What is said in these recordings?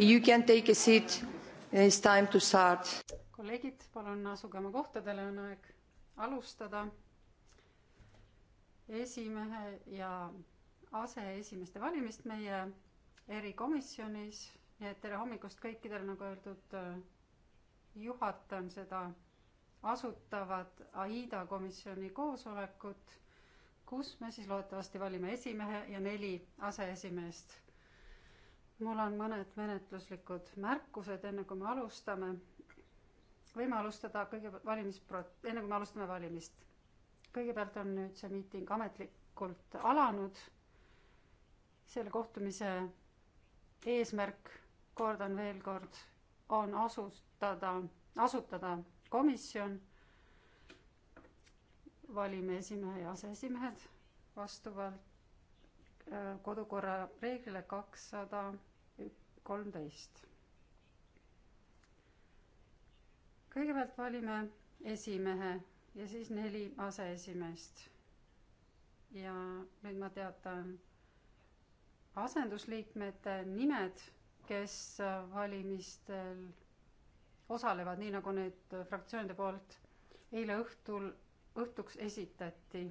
You can take a seat, it's time to start. kolleegid, palun asuge oma kohtadele, on aeg alustada. esimehe ja aseesimeeste valimist meie erikomisjonis, nii et tere hommikust kõikidele, nagu öeldud, juhatan seda asutavat AIDA komisjoni koosolekut, kus me siis loodetavasti valime esimehe ja neli aseesimeest mul on mõned menetluslikud märkused, enne kui me alustame. võime alustada kõigepealt valimisprot-, enne kui me alustame valimist. kõigepealt on nüüd see miiting ametlikult alanud. selle kohtumise eesmärk, kordan veel kord, on asustada, asutada komisjon, valime esimehe ja aseesimehed vastavalt äh, kodukorra reeglile kakssada 200 kolmteist. kõigepealt valime esimehe ja siis neli aseesimeest. ja nüüd ma teatan asendusliikmete nimed, kes valimistel osalevad, nii nagu need fraktsioonide poolt eile õhtul, õhtuks esitati.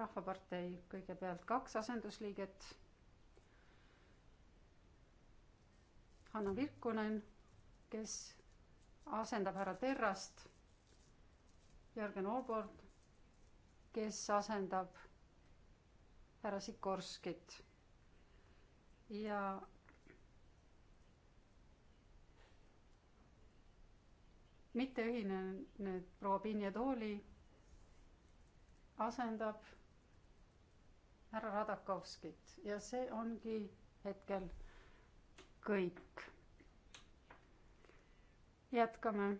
rahvapartei kõigepealt kaks asendusliiget Hanna Virkunen, kes asendab härra Terrast, Jörgen Olborg, kes asendab härra Sikorskit ja mitteühinenud proua Pinjedooli asendab härra Radakovskit ja see ongi hetkel kõik jätkame.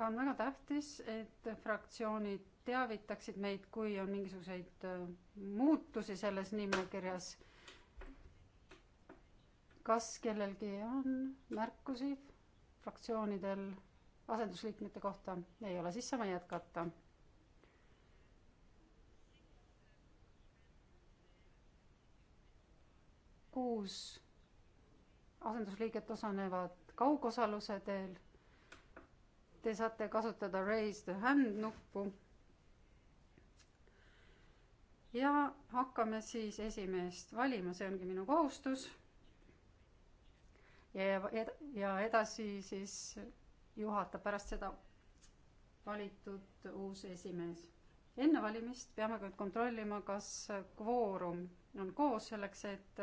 on väga tähtis, et fraktsioonid teavitaksid meid, kui on mingisuguseid äh, muutusi selles nimekirjas. kas kellelgi on märkusi fraktsioonidel asendusliikmete kohta? ei ole, siis saame jätkata. kuus asendusliiget osanevad kaugosaluse teel. Te saate kasutada raise the hand nuppu. ja hakkame siis esimeest valima, see ongi minu kohustus. ja, ja edasi siis juhatab pärast seda valitud uus esimees. enne valimist peame ka kontrollima, kas kvoorum on koos selleks, et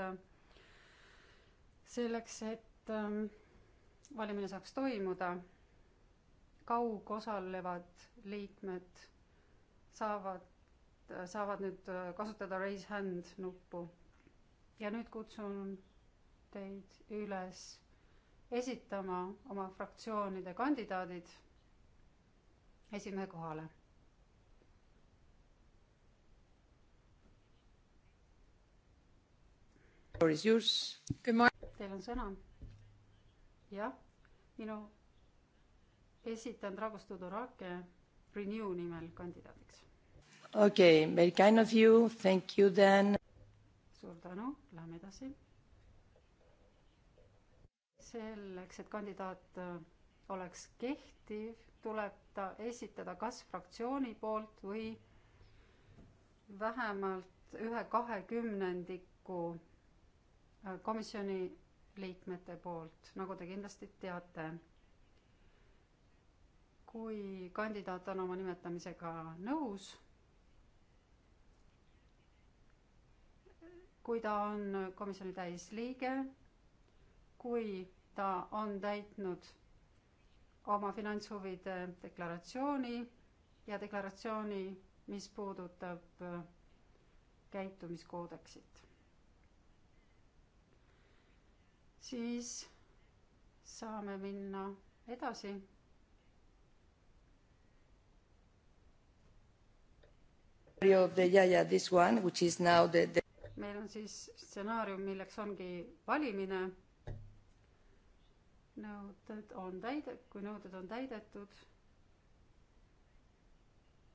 selleks, et ähm, valimine saaks toimuda. kaugosalevad liikmed saavad, saavad nüüd kasutada raise hand nuppu. ja nüüd kutsun teid üles esitama oma fraktsioonide kandidaadid esimehe kohale. Teil on sõna. jah minu esitan Dragos Tudorake Renew nimel kandidaadiks. okei okay,, very kind of you, thank you then. suur tänu, lähme edasi. selleks, et kandidaat äh, oleks kehtiv, tuleb ta esitada kas fraktsiooni poolt või vähemalt ühe kahekümnendiku äh, komisjoni liikmete poolt, nagu te kindlasti teate. kui kandidaat on oma nimetamisega nõus, kui ta on komisjoni täisliige, kui ta on täitnud oma finantshuvide deklaratsiooni ja deklaratsiooni, mis puudutab käitumiskoodeksit siis saame minna edasi. meil on siis stsenaarium, milleks ongi valimine. nõuded on täide-, kui nõuded on täidetud.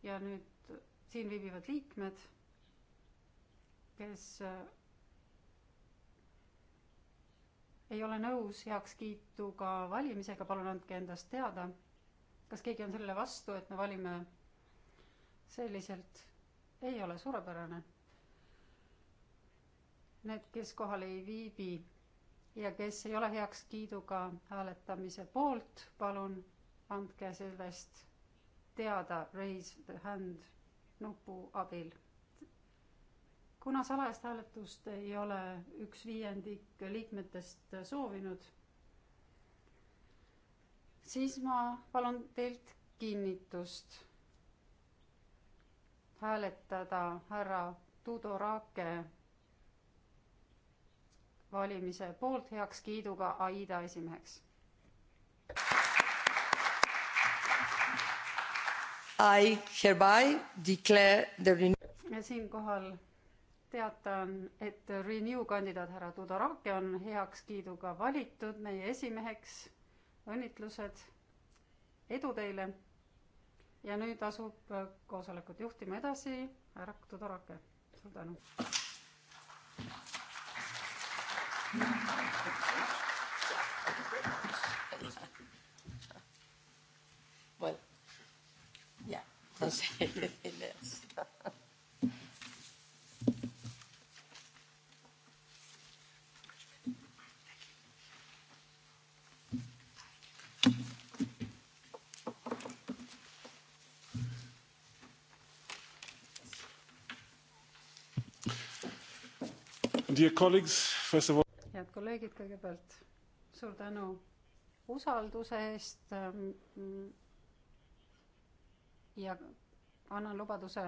ja nüüd siin viibivad liikmed, kes ei ole nõus heakskiituga valimisega, palun andke endast teada. kas keegi on sellele vastu, et me valime selliselt? ei ole suurepärane. Need, kes kohal ei viibi ja kes ei ole heakskiiduga hääletamise poolt, palun andke sellest teada raise the hand nupu abil kuna salajast hääletust ei ole üks viiendik liikmetest soovinud, siis ma palun teilt kinnitust hääletada härra Tudorake valimise poolt heakskiiduga AIDA esimeheks. I hereby declare the ja siinkohal teatan, et Renew kandidaat härra Tudorakke on heakskiiduga valitud meie esimeheks. õnnitlused, edu teile. ja nüüd asub koosolekut juhtima edasi härra Tudorakke. suur tänu. Well, yeah, that's it. head kolleegid, kõigepealt suur tänu usalduse eest ähm, mm, ja annan lubaduse,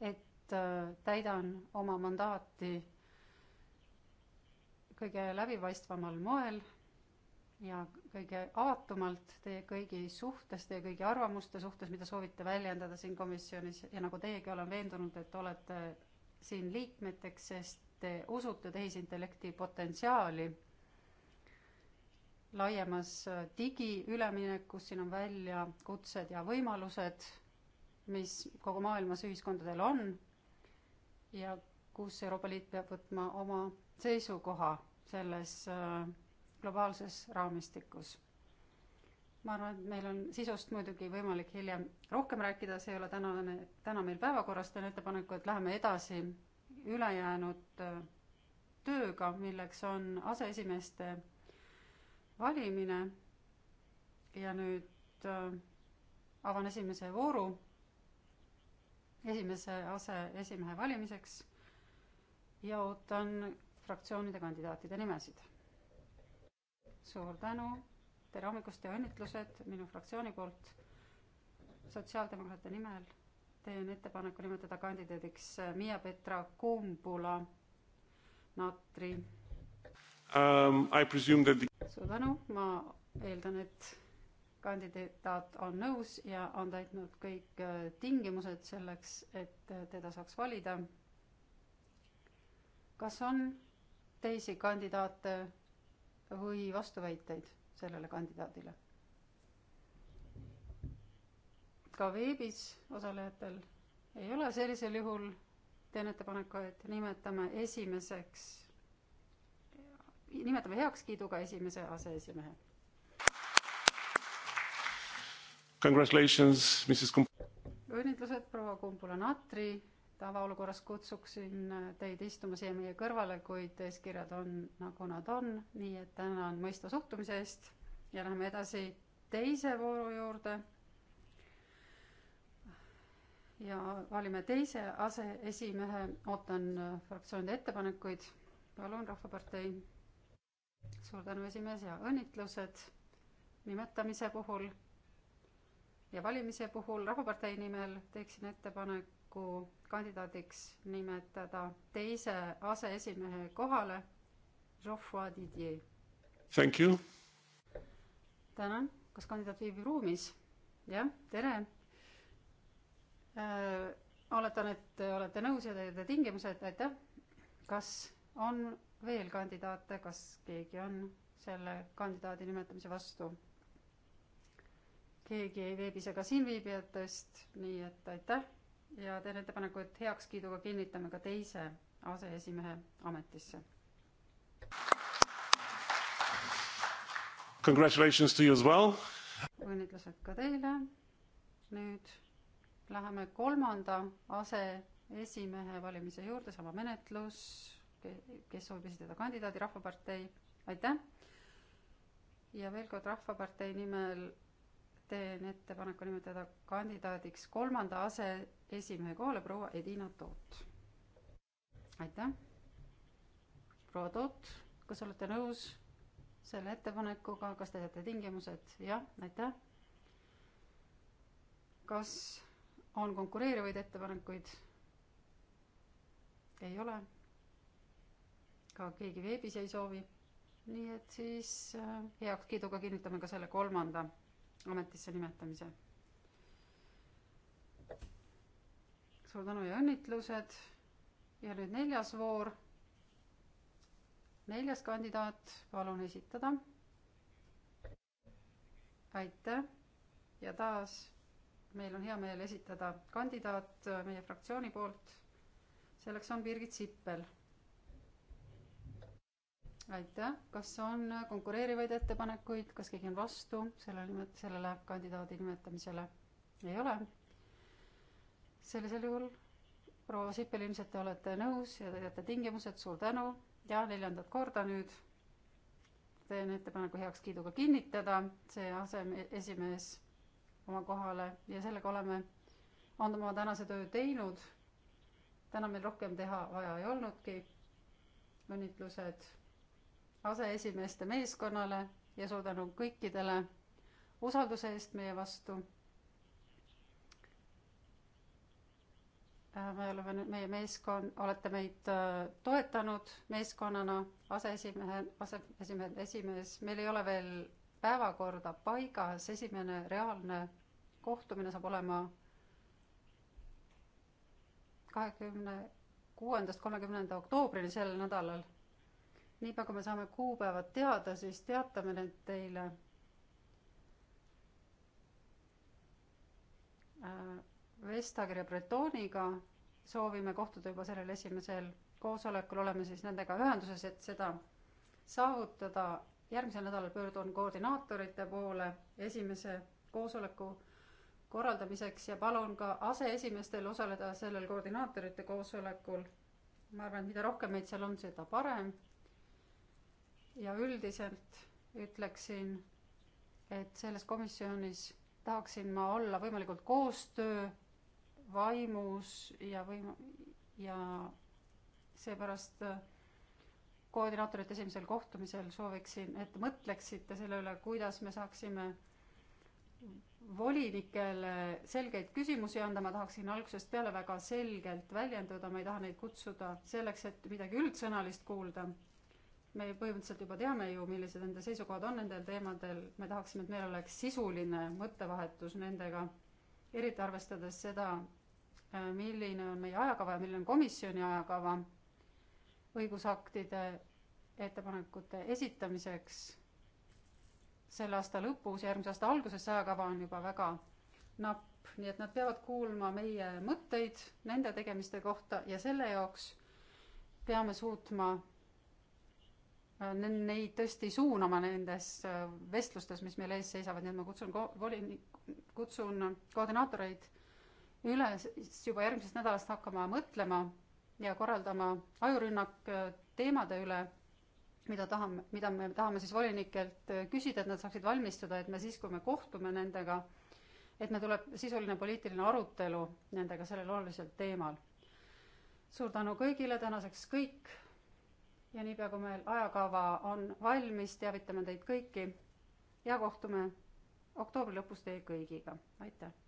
et äh, täidan oma mandaati kõige läbipaistvamal moel ja kõige avatumalt teie kõigi suhtes, teie kõigi arvamuste suhtes, mida soovite väljendada siin komisjonis ja nagu teiegi olen veendunud, et olete siin liikmeteks, sest te usute tehisintellekti potentsiaali laiemas äh, digiüleminekus, siin on väljakutsed ja võimalused, mis kogu maailmas ühiskondadel on ja kus Euroopa Liit peab võtma oma seisukoha selles äh, globaalses raamistikus. ma arvan, et meil on sisust muidugi võimalik hiljem rohkem rääkida, see ei ole tänane, täna meil päevakorras, teen ettepaneku, et läheme edasi ülejäänud äh, tööga, milleks on aseesimeeste valimine. ja nüüd äh, avan esimese vooru esimese aseesimehe valimiseks ja ootan fraktsioonide kandidaatide nimesid. suur tänu, tere hommikust ja õnnitlused minu fraktsiooni poolt sotsiaaldemokraatide nimel teen ettepaneku nimetada kandidaadiks äh, Miia Petra Kumbula naatri um,. The... suur tänu, ma eeldan, et kandidaat on nõus ja on täitnud kõik äh, tingimused selleks, et äh, teda saaks valida. kas on teisi kandidaate või vastuväiteid sellele kandidaadile? ka veebis osalejatel ei ole, sellisel juhul teen ettepaneku, et nimetame esimeseks, nimetame heakskiiduga esimese aseesimehe. Congratulations, Mrs Kumb-. õnnitlused proua Kumbula-Natri, tavaolukorras kutsuksin teid istuma siia meie kõrvale, kuid eeskirjad on nagu nad on, nii et tänan mõistva suhtumise eest ja läheme edasi teise vooru juurde ja valime teise aseesimehe, ootan äh, fraktsioonide ettepanekuid. palun, Rahvapartei. suur tänu, esimees ja õnnitlused nimetamise puhul ja valimise puhul Rahvapartei nimel teeksin ettepaneku kandidaadiks nimetada teise aseesimehe kohale Geoffroy Didier. Thank you. tänan, kas kandidaat viibib ruumis? jah, tere Äh, oletan, et olete nõus ja teete tingimused, aitäh. kas on veel kandidaate, kas keegi on selle kandidaadi nimetamise vastu? keegi ei veebis ega siinviibijatest, nii et aitäh ja teen ettepaneku, et heakskiiduga kinnitame ka teise aseesimehe ametisse. Congratulations to you as well. õnnitlused ka teile. nüüd Läheme kolmanda aseesimehe valimise juurde, sama menetlus, kes soovib esitada kandidaadi, Rahvapartei, aitäh. ja veel kord Rahvapartei nimel teen ettepaneku nimetada kandidaadiks kolmanda aseesimehe kohale proua Edina Toot. aitäh. proua Toot, kas olete nõus selle ettepanekuga, kas te teate tingimused? jah, aitäh. kas on konkureerivaid ettepanekuid? ei ole. ka keegi veebis ei soovi. nii et siis äh, heakskiiduga kinnitame ka selle kolmanda ametisse nimetamise. suur tänu ja õnnitlused. ja nüüd neljas voor. neljas kandidaat, palun esitada. aitäh ja taas meil on hea meel esitada kandidaat äh, meie fraktsiooni poolt. selleks on Birgit Sippel. aitäh, kas on äh, konkureerivaid ettepanekuid, kas keegi on vastu selle nimet-, sellele kandidaadi nimetamisele? ei ole. sellisel juhul proua Sippel, ilmselt te olete nõus ja te teate tingimused, suur tänu ja neljandat korda nüüd teen ettepaneku heakskiiduga kinnitada see aseesimees oma kohale ja sellega oleme, on oma tänase töö teinud. täna meil rohkem teha vaja ei olnudki. õnnitlused aseesimeeste meeskonnale ja suur tänu kõikidele usalduse eest meie vastu. Äh, me oleme nüüd, meie meeskond, olete meid äh, toetanud meeskonnana, aseesimehe, aseesimehe esimees, meil ei ole veel päevakorda paigas, esimene reaalne kohtumine saab olema kahekümne kuuendast kolmekümnenda oktoobrini sel nädalal. niipea kui me saame kuupäevad teada, siis teatame need teile. Äh, Vestager ja Bretoniga soovime kohtuda juba sellel esimesel koosolekul, oleme siis nendega ühenduses, et seda saavutada. järgmisel nädalal pöördun koordinaatorite poole esimese koosoleku korraldamiseks ja palun ka aseesimeestel osaleda sellel koordinaatorite koosolekul. ma arvan, et mida rohkem meid seal on, seda parem. ja üldiselt ütleksin, et selles komisjonis tahaksin ma olla võimalikult koostöö vaimus ja võim- ja seepärast äh, koordinaatorite esimesel kohtumisel sooviksin, et mõtleksite selle üle, kuidas me saaksime volinikele selgeid küsimusi anda, ma tahaksin algusest peale väga selgelt väljenduda, ma ei taha neid kutsuda selleks, et midagi üldsõnalist kuulda. me põhimõtteliselt juba teame ju, millised nende seisukohad on nendel teemadel, me tahaksime, et meil oleks sisuline mõttevahetus nendega, eriti arvestades seda, milline on meie ajakava ja milline on komisjoni ajakava õigusaktide ettepanekute esitamiseks selle aasta lõpus ja järgmise aasta alguses, see ajakava on juba väga napp, nii et nad peavad kuulma meie mõtteid nende tegemiste kohta ja selle jaoks peame suutma äh, neid tõesti suunama nendes äh, vestlustes, mis meil ees seisavad, nii et ma kutsun ko-, volin-, kutsun koordinaatoreid üles juba järgmisest nädalast hakkama mõtlema ja korraldama ajurünnak äh, teemade üle mida tahame, mida me tahame siis volinikelt äh, küsida, et nad saaksid valmistuda, et me siis, kui me kohtume nendega, et meil tuleb sisuline poliitiline arutelu nendega sellel olulisel teemal. suur tänu kõigile, tänaseks kõik. ja niipea, kui meil ajakava on valmis, teavitame teid kõiki ja kohtume oktoobri lõpus teie kõigiga. aitäh!